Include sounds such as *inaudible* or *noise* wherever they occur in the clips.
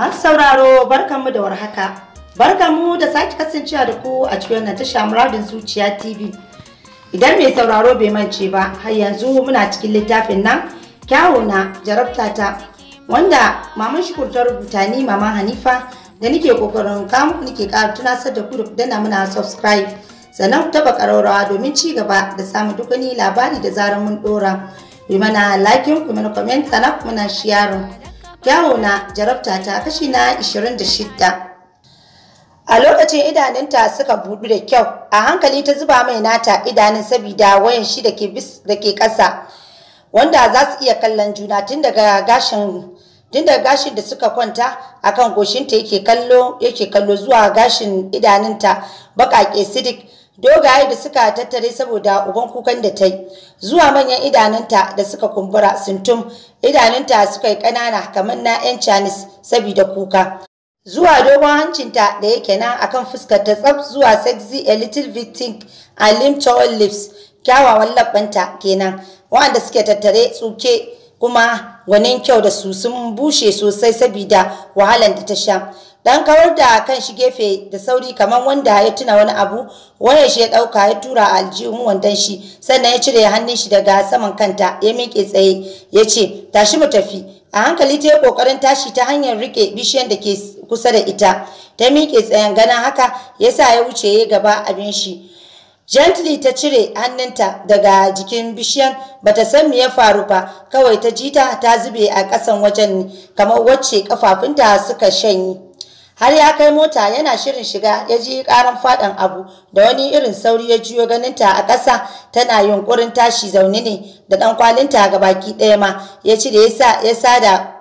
Masu sauraro barkanmu da warhaka. Barkanmu da sake kasancewa da ku a cikin wannan tasha muradin zuciya TV. Idan mai sauraro bai mance ba, har yanzu muna cikin littafin nan kyawuna jarabtata wanda maman shi kurtar rubuta ni mama Hanifa da nike kokarin kamu nike ƙara tunasar da ku da dana muna subscribe sannan ku taba ƙararrawa domin ci gaba da samun duk wani labari da zarar mun dora. Bi mana like, ku mana comment, sannan na mana sharing. na jarabta ta kashi na 26 a lokacin idanunta suka budu da kyau a hankali ta zuba mai nata idanun sabida wayan shi da ke ƙasa wanda za su iya kallon juna tun daga gashin da suka kwanta akan goshinta yake kallo zuwa gashin idanunta baƙaƙe sidik dogaye da suka tattare saboda uban kukan da ta yi zuwa manyan idanunta da suka kumbura sintum idanunta suka yi ƙanana kamar na 'yan canis saboda kuka zuwa dogon hancinta da yake na akan fuskar ta tsaf zuwa sexy a little bit think a towel lips kyawawan labbanta kenan waɗanda suke tattare tsuke kuma gwanin kyau da su sun bushe sosai saboda wahalar da ta sha dan kawar da kan shi gefe da sauri kamar wanda ya tuna wani abu waya shi ya dauka ya tura aljihu aljihun shi sannan ya cire hannun shi daga saman kanta ya miƙe tsaye ya ce tashi mu tafi a hankali ta yi kokarin tashi ta hanyar rike bishiyar da ke kusa da ita ta miƙe tsayen ganin haka ya sa ya wuce ya gaba abin shi Gently ta cire hannunta daga jikin bishiyan bata san me ya faru ba kawai ta jita ta zube a ƙasan wajen kamar wacce kafafunta suka shanye. har ya kai mota yana shirin shiga ya ji karan fadan abu da wani irin sauri ya jiyo ganinta a ƙasa tana yunkurin tashi zaune ne da dan kwalinta ga baki ɗaya ma ya ci da yasa ya sada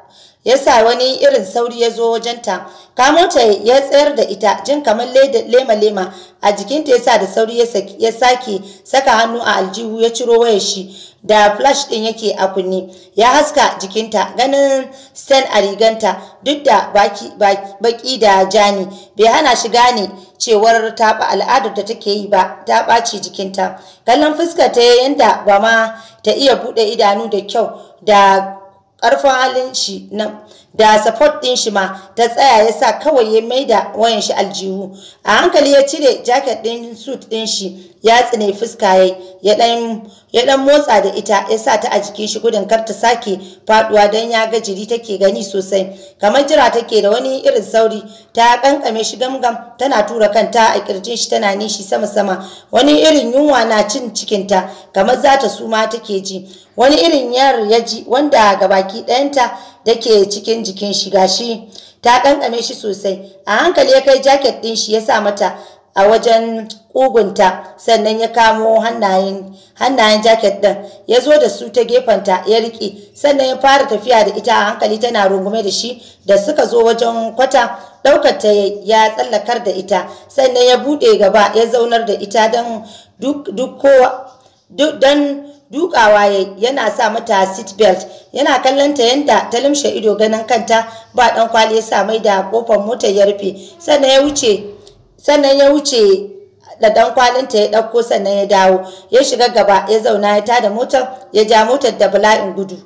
yasa wani irin sauri ya zo wajenta kamo ta ya tsayar da ita jin kamar lema lema a jikinta yasa da sauri ya sake saka hannu a aljihu ya ciro wayar shi da flash din yake a kunne ya haska jikinta ganin stan a riganta duk da baki da jani bai hana shi gane cewar taɓa al'adar da take yi ba ta ɓaci jikinta kallon fuskar ta yanda ba ma ta iya buɗe idanu da kyau da ƙarfin halin shi nan da support ɗin shi ma ta tsaya ya sa kawai ya maida wayan shi aljihu a hankali ya cire jacket ɗin suit ɗin shi ya tsine fuska ya ya ɗan motsa da ita ya sa ta a jikin shi gudun kar ta sake faɗuwa don ya ga jiri take gani sosai kamar jira take da wani irin sauri ta kankame shi gamgam tana tura kanta a kirjin shi tana nishi sama sama wani irin yunwa na cin cikinta kamar za ta suma take ji wani irin yar ya ji wanda ga baki ɗayanta da ke cikin jikin shi gashi ta kankame shi sosai a hankali ya kai jaket ɗin shi ya sa mata a wajen ƙugunta sannan ya kamo hannayen hannayen jaket ɗin ya zo da su ta gefanta, ya riƙe sannan ya fara tafiya da ita a hankali tana rungume da shi da suka zo wajen kwata ɗaukar ta ya tsallakar da ita sannan ya buɗe gaba ya zaunar da ita don duk kowa don dukawa yana sa mata seat belt yana kallon ta yanda ta limshe ido ganin kanta ba dan kwali ya sa mai da kofar motar ya rufe sannan ya wuce sannan ya wuce da dan ta ya ɗauko sannan ya dawo ya shiga gaba ya zauna ya tada motar ya ja motar da bala'in gudu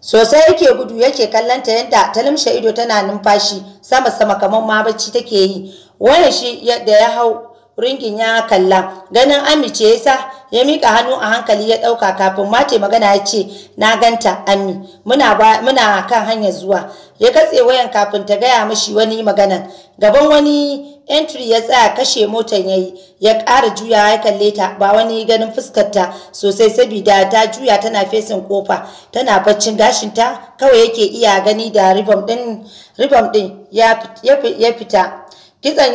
sosai yake gudu yake kallon ta yadda ta limshe ido tana numfashi sama sama kamar ma bacci take yi wannan shi da ya hau ringin ya kalla ganin amice ya sa ya mika hannu a hankali ya dauka kafin mace magana ya ce na ganta ami muna kan hanyar zuwa ya katse wayan kafin ta gaya mashi wani magana gaban wani entry ya tsaya kashe motan yayi ya ƙara juya ya kalle ta ba wani ganin fuskarta sosai saboda ta juya tana fesin kofa tana baccin gashinta kawai yake iya gani da ribam ɗin ya fita kitsan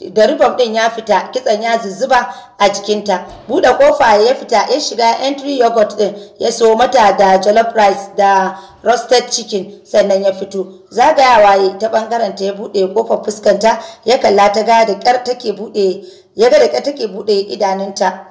da ribom din ya fita kitsan ya zuzzuba a jikinta buɗe kofa ya fita ya shiga entry yogurt din ya so mata da jollof rice da roasted chicken sannan ya fito zagayawa ya ta bangaren ta ya buɗe kofar fuskanta ya kalla ta ga da kar take bude ya ga da kar take bude idanunta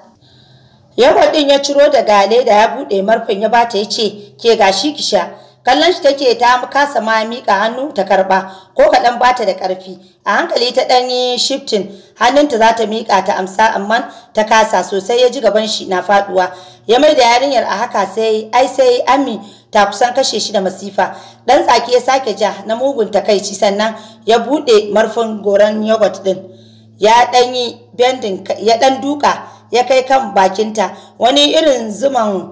yogurt din ya ciro daga leda ya buɗe marfin ya bata ya ce ke gashi ki sha kallon shi take ta kasa ma mika hannu ta karba ko kaɗan bata da karfi a hankali ta ɗan yi shifting hannunta za ta mika ta amsa amma ta kasa sosai ya ji gaban shi na faduwa ya mai da yarinyar a haka sai ai sai ami ta kusan kashe shi da masifa dan tsaki ya sake ja na mugun ta takaici sannan ya bude marfin goran yogurt din ya ɗan yi bending ya dan duka ya kai kan bakinta wani irin zuban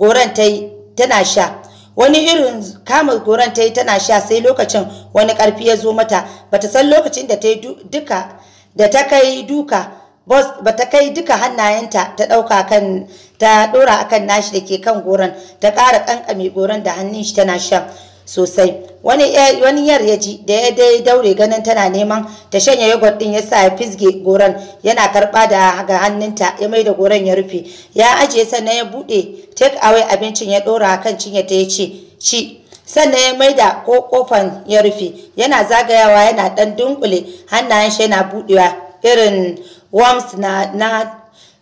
goran ta yi tana sha wani irin kama goron ta yi tana sha sai lokacin wani karfi ya zo mata bata san lokacin da ta yi duka da ta kai duka bata kai duka hannayenta ta dauka kan ta dora akan nashi dake kan goran, ta ƙara ƙanƙame goran da hannun shi tana sha sosai wani wani yar yaji da ya dai daure ganin tana neman ta shanya yogurt din ya ya fisge goran yana karba da ga hannunta ya mai da goran ya rufe ya ajiye sannan ya bude take away abincin ya dora kan cinya ta ya ce ci sannan ya maida ko kofan ya rufe yana zagayawa yana dan dunkule hannayen shi yana budewa irin worms na na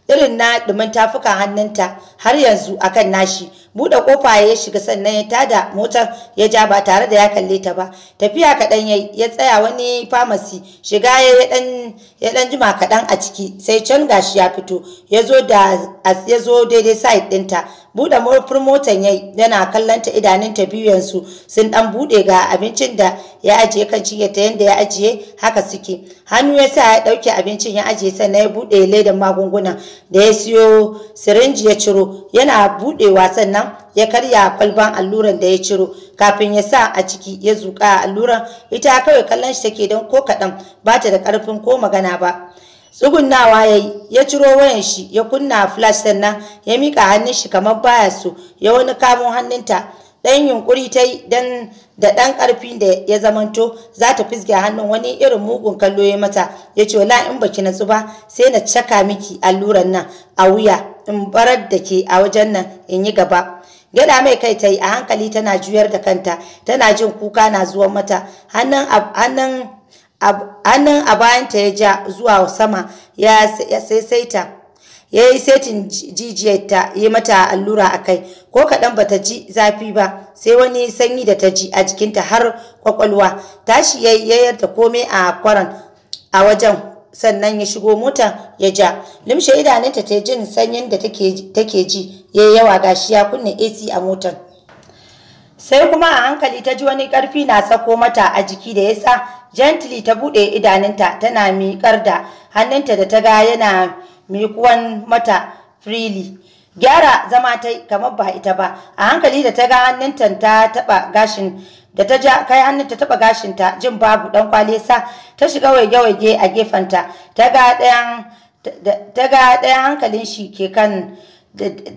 irin na dumin tafukan hannunta har yanzu akan nashi buɗe kofa ya shiga sannan ya tada motar ya ja ba tare da ya kalle ta ba tafiya kaɗan yayi ya tsaya wani famasi shiga ya ɗan ya dan jima kaɗan a ciki sai can gashi ya fito ya da yazo daidai side ɗinta buɗe murfin motan yayi yana kallon ta idanun ta biyu yanzu sun ɗan buɗe ga abincin da ya ajiye kan ta yanda ya ajiye haka suke hannu ya sa ya ɗauke abincin ya ajiye sannan ya buɗe ledan magunguna da ya siyo sirinji ya ciro yana buɗewa sannan ya karya kwalban alluran da ya ciro kafin ya sa a ciki ya zuƙa alluran ita kawai kallon shi take don ko kaɗan ba ta da ƙarfin ko magana ba tsugunnawa ya yi ya ciro wayan shi ya kunna flash sannan ya miƙa hannun shi kamar baya so ya wani kamo hannunta ɗan yunƙuri ta yi dan da ɗan ƙarfin da ya zamanto za ta fisge hannun wani irin mugun kallo ya mata ya ce wala in baki na tsuba sai na caka miki alluran nan a wuya in barar da ke a wajen nan in yi gaba gyada mai kai ta yi a hankali tana juyar da kanta tana jin kuka na zuwan mata hannun hannun a bayanta ya ja zuwa sama ya saisaita ya yi setin jijiyarta ya mata allura a kai ko kaɗan ta ji zafi ba sai wani sanyi da ta ji a jikinta har kwakwalwa tashi ya yayar komai a kwaran a wajen sannan ya shigo mota ya ja limshe idanunta ta jin sanyin da take ji ya yi yawa gashi ya kunna ac a motar sai kuma a hankali ta ji wani karfi na sako mata a jiki da ya sa. gently ta bude idanunta tana miƙar da hannunta da ta ga yana miƙuwan mata freely gyara zama ta kamar ba ita ba a hankali da ta ga hannunta ta taba gashin da ta ja kai hannunta taba gashinta jin babu dan kwale sa ta shiga waige-waige a gefenta ta ga ɗayan ta ga ɗayan hankalin shi ke kan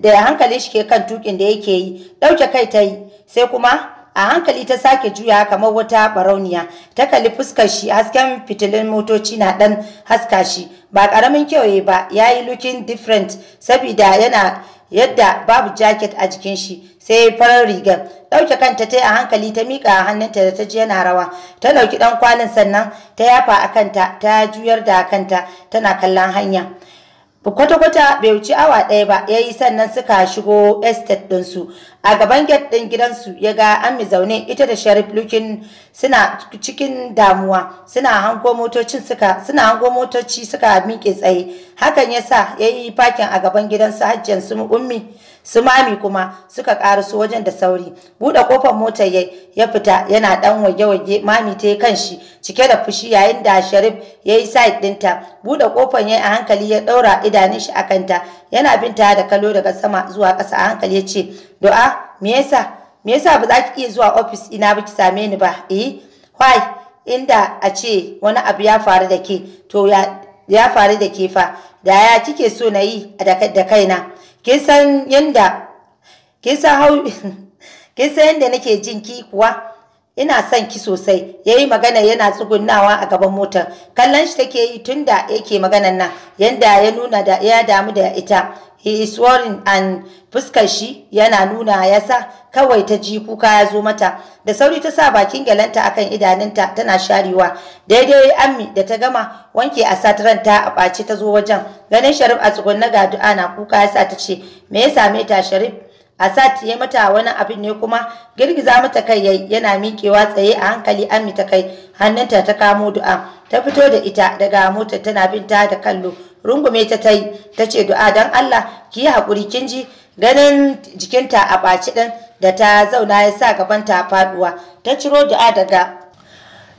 da hankalin shi ke kan tukin da yake yi ɗauke kai ta yi sai kuma a hankali ta sake juya kamar wata barauniya ta kalli fuskar shi hasken fitilin motoci na dan haska shi ba karamin kyauye ba ya yi looking different saboda yana yadda babu jacket a jikin shi sai farar rigar ɗauke kanta ta yi a hankali ta miƙa hannunta da ta ji yana rawa ta ɗauki ɗan kwalin, sannan ta yafa a kanta ta juyar da kanta tana kallon hanya kwata-kwata bai wuce awa ɗaya ba ya yi sannan suka shigo estate ɗinsu a gaban gate ɗin gidansu ya ga mi zaune ita da sharif lukin suna cikin damuwa suna hango motoci suka suna hango motoci suka miƙe tsaye hakan yasa sa ya yi fakin a gaban gidansu hajjiyan su ummi su mami kuma suka karaso wajen da sauri buɗe kofar motar ya fita yana ɗan wage-wage mami ta yi kan cike da fushi yayin da sharif yayi yi side ɗinta buɗe kofar yayi a hankali ya ɗaura idanun shi a kanta yana binta da kalo daga sama zuwa ƙasa a hankali ya ce do'a me yasa me yasa ba za ki iya zuwa ofis ina ba ki same ni ba eh why inda a ce wani abu ya faru da ke to ya ya faru da ke fa da ya kike so na yi da kaina kisan yanda kisan hau *laughs* kisan yanda nake jin ki kuwa ina son ki sosai yayi magana yana tsugunnawa a gaban motar kallon shi take yi tunda yake maganan nan yanda ya nuna da ya damu da ita he is worrying and fuskar shi yana nuna yasa kawai ta ji kuka ya zo mata da sauri ta sa bakin galanta akan idanunta tana sharewa daidai ammi da ta gama wanke a satran ta a ɓace ta zo wajen ganin sharif a tsugunna ga du'a na kuka yasa ta ce me ya same ta sharif Hasat ya mata wani abin ne kuma girgiza mata kai yayi yana miƙewa tsaye a hankali amita ta kai hannunta ta kamo du'a ta fito da ita daga mota tana bin ta da kallo rungume ta tai tace du'a dan Allah ki yi haƙuri kin ji ganin jikinta a ɓaci ɗin da ta zauna ya sa gabanta faduwa ta ciro du'a daga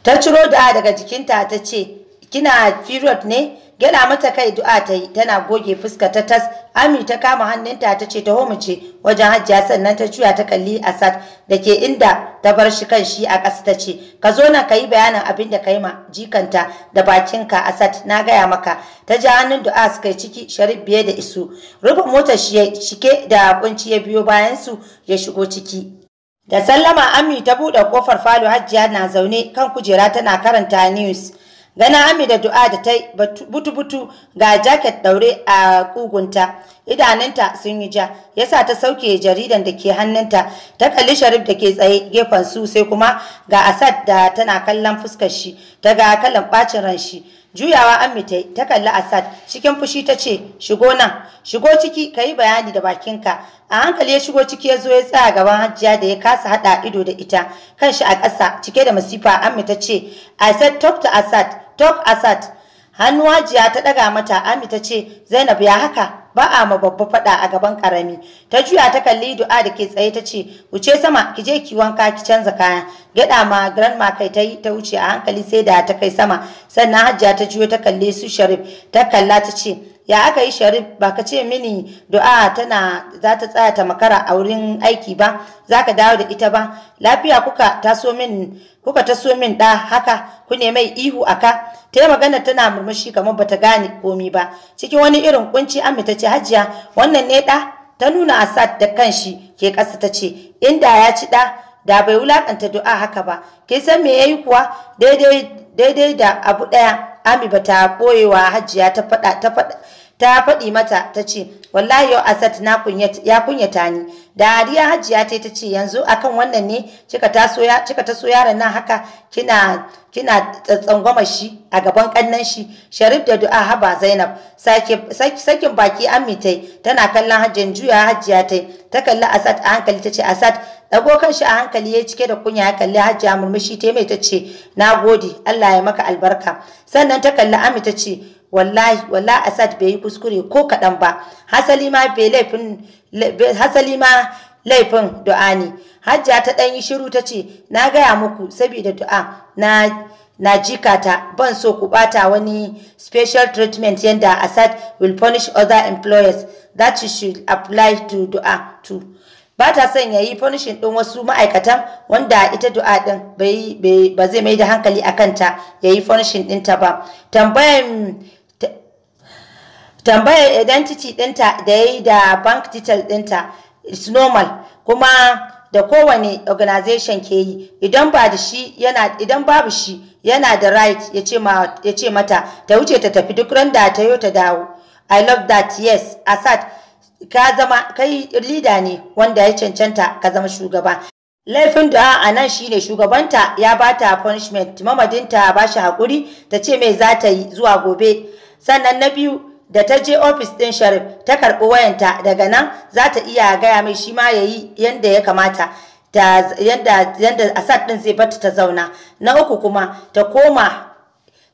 ta ciro du'a daga jikinta tace kina period ne Gyada mata kai du'a ta yi tana goge fuska ta tas. Ami ta kama hannunta ta ce taho mu wajen hajjiya sannan ta juya ta kalli Asad da ke inda ta bar shi kan shi a ƙasa ta ce ka zo na ka yi bayanin abin da ka yi ma jikanta da bakinka Asad na gaya maka. Ta ja hannun du'a suka yi ciki sharif biye da isu. Rufe motar shi ya cike da kunci ya biyo bayan su ya shigo ciki. Da sallama Ami ta buɗe kofar falo hajjiya na zaune kan kujera tana karanta news. gana da du'a da ta butu-butu ga jaket daure a kugunta idanunta sun yi ja yasa ta sauke jaridan da ke hannunta ta kalli sharif da ke tsaye gefen su sai kuma ga asad da tana kallon fuskar shi ta ga kallon bacin ran shi juyawa amita ta kalli asad cikin fushi ta ce shigo nan shigo ciki ka yi bayani da bakinka a hankali ya shigo ciki ya zo ya tsaya gaban hajjiya da ya kasa haɗa ido da ita kanshi a ƙasa cike da masifa ta ce asad talk to asad top asad hannu hajiya ta daga mata ami ta ce zainab ya haka ba a ma babba fada a gaban karami ta juya ta kalli du'a da ke tsaye ta ce wuce sama ki je ki wanka ki canza kaya Gyaɗa ma grandma kai ta ta wuce a hankali sai da ta kai sama sannan hajja ta juyo ta kalle su sharif ta kalla ta ce ya aka yi sharif ba ka ce mini du'a tana za ta tsaya ta makara a wurin aiki ba za ka dawo da ita ba lafiya kuka taso min kuka min da haka ku ne mai ihu aka ta yi magana tana murmushi kamar bata gane komi ba cikin wani irin kunci amma ta ce hajiya wannan ne da ta nuna asad da kanshi ke kasa ta ce inda ya ci da da bai wulakanta du'a haka ba kin san me yayi kuwa daidai daidai da abu daya ami bata boyewa hajiya ta fada ta fada ta faɗi mata ta ce wallahi yau asat na ya kunyata ni dariya hajiya ta ta ce yanzu akan wannan ne Cika ta ya kika taso nan haka kina kina tsangwama shi a gaban kannan shi sharif da du'a haba zainab sakin baki ammi tana kallon hajjan juya hajiya ta ta kalli asad a hankali ta ce asad dago kan shi a hankali ya cike da kunya ya kalli hajiya murmushi ta mai ta ce na gode allah ya maka albarka sannan ta kalli amita ta ce wallahi wallahi Asad bai yi kuskure ko kaɗan ba hasali ma bai laifin hasali ma laifin du'a ne hajja ta ɗan yi shiru ta ce na gaya muku saboda du'a na na ta, ban so ku bata wani special treatment yanda asad will punish other employers that you should apply to du'a to ba ta son ya yi punishing ɗin wasu ma'aikatan wanda ita du'a ɗin ba zai mai da hankali a kanta ya yi punishing ɗinta ba tambayan tambayar identity ɗinta da ya yi da bank detail ɗinta is normal kuma da kowane organization ke yi idan ba da shi yana idan babu shi yana da right ya ce mata ta wuce ta tafi duk ran da ta yi ta dawo i love that yes asad ka zama kai leader ne wanda ya cancanta ka zama shugaba laifin da a nan shine shugabanta ya bata punishment mamadinta ba shi hakuri ta ce mai za ta yi zuwa gobe sannan na biyu da ta je ofis ɗin sharif ta karbi wayanta daga nan za ta iya gaya mai shi ma ya yi yadda ya kamata da yadda asad ɗin zai bata ta zauna na uku kuma ta koma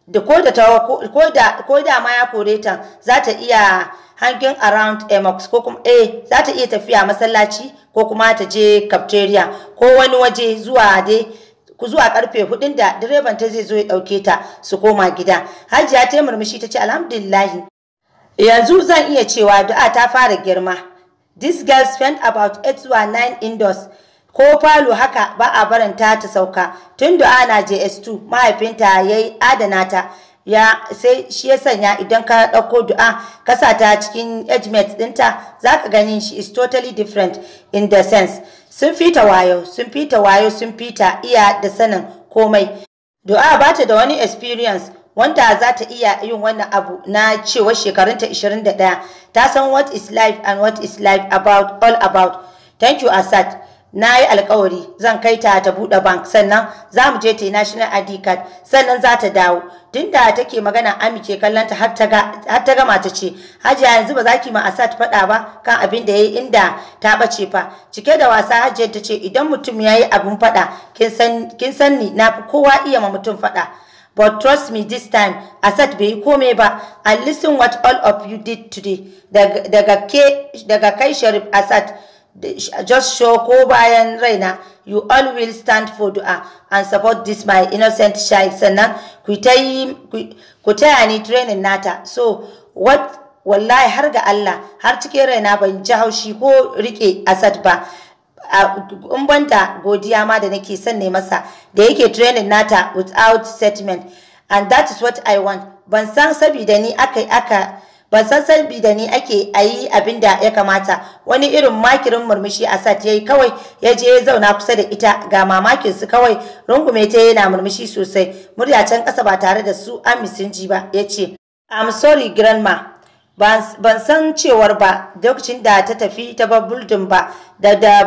da ko da ma ya kore ta za ta iya hangin around emox ko kuma eh za ta iya tafiya masallaci ko kuma ta je cafeteria ko wani waje zuwa dai ku zuwa karfe hudun da direban ta zai zo ya dauke ta su koma gida hajiya ta murmushi ta ce alhamdulillahi Yanzu zan iya cewa du'a ta fara girma. This girl spent about 8 to 9 indoors. Ko falo haka ba a baranta ta sauka. Tun du'a na JS2 mahaifinta ya yi adana ta. Ya sai shi ya sanya idan ka ɗauko du'a ka ta cikin edgemates ɗinta za ka gani shi is totally different in the sense. Sun fita wayo, sun fita wayo, sun fita iya da sanin komai. Du'a ba ta da wani experience wanda za ta iya yin wannan abu na cewa shekarunta 21 ta san what is life and what is life about all about thank you asad na yi alkawari zan kai ta ta buɗe bank sannan za mu je ta yi national id card sannan za ta dawo tunda take magana ami ke kallon ta har ta gama ta ce hajiya yanzu ba za ki ma asat faɗa ba kan abin da ya yi inda ta bace fa cike da wasa hajiya ta ce idan mutum ya yi abin faɗa kin san ni na fi kowa iya ma mutum faɗa But trust me this time, Asad bai komai ba. And listen what all of you did today. Daga kai Sharif Asad, just show ko bayan raina, you all will stand for dua and support this my innocent child. Sannan ku taya ni training nata. So what wallahi har ga Allah har cikin raina ban ji haushi ko rike Asad ba. in banta godiya ma da nake son ne masa da yake training nata without settlement and that is what I want ban san sabida ni aka aka ban san ni ake ayi abinda ya kamata wani irin makirin murmushi a sat yayi kawai ya je ya zauna kusa da ita ga mamakin su kawai rungume ta yana murmushi sosai murya can kasa ba tare da su amisinji ba yace I'm sorry grandma ban san cewar ba lokacin da ta tafi ta ba buldin ba da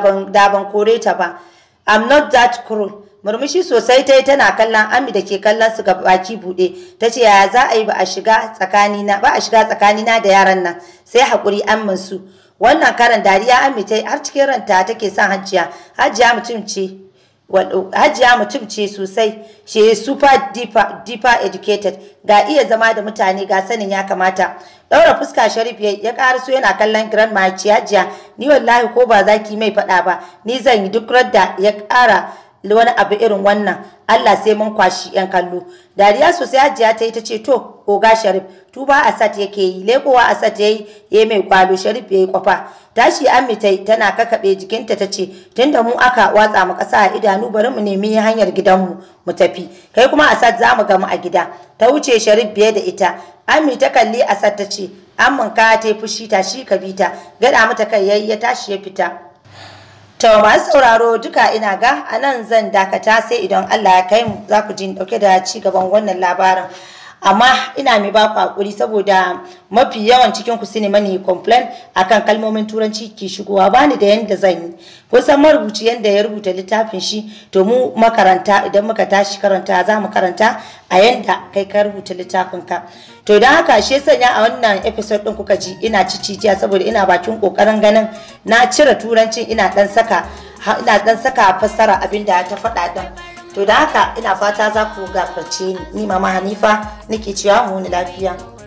ban kore ta ba i'm not that cruel murmushi sosai ta yi tana kallon ami da ke kallon su ga baki buɗe ta ce yaya za a yi ba a shiga tsakanina ba a shiga tsakanina da yaran nan sai haƙuri amman su wannan karan dariya ami ta har cikin ranta take son hajiya hajiya mutum ce hajiya mutum ce sosai she is super deeper, deeper educated ga iya zama da mutane ga sanin ya kamata daura fuska sharif ya karaso yana kallon grand maci hajiya ni wallahi ko ba zaki mai fada ba ni zan yi duk radda ya kara. wani abu irin wannan Allah sai mun kwashi yan kallo dariya sosai hajiya ta yi ta ce to oga sharif tuba asad yake yi lekowa asad ya yi mai kwalo sharif ya yi kwafa tashi ammi ta tana kakabe, jikinta ta ce tunda mu aka watsa mu ƙasa a idanu bari mu nemi hanyar gidan mu mu tafi kai kuma asad za mu gamu a gida ta wuce sharif biye da ita ammi ta kalli asad ta ce amman ka ta fushi ta shi ka bita gada mata kai yayi ya tashi ya fita To masu sauraro duka ina ga a nan zan dakata sai idan Allah ya kai mu za ku ji dauke da ci gaban wannan labarin. amma ina mai ba ku hakuri saboda mafi yawan cikin ku sune mani complain akan kalmomin turanci ke shigowa bani da yanda zan yi kusan marubuci yanda ya rubuta littafin shi to mu makaranta idan muka tashi karanta za mu karanta a yanda kai ka rubuta littafin ka to dan haka shi sanya a wannan episode din kuka ji ina ciciciya saboda ina bakin kokarin ganin na cire turancin ina dan saka ina dan saka fassara abinda ta faɗa din to da haka ina fata za ku gafarce ni mama hanifa nake cewa mu lafiya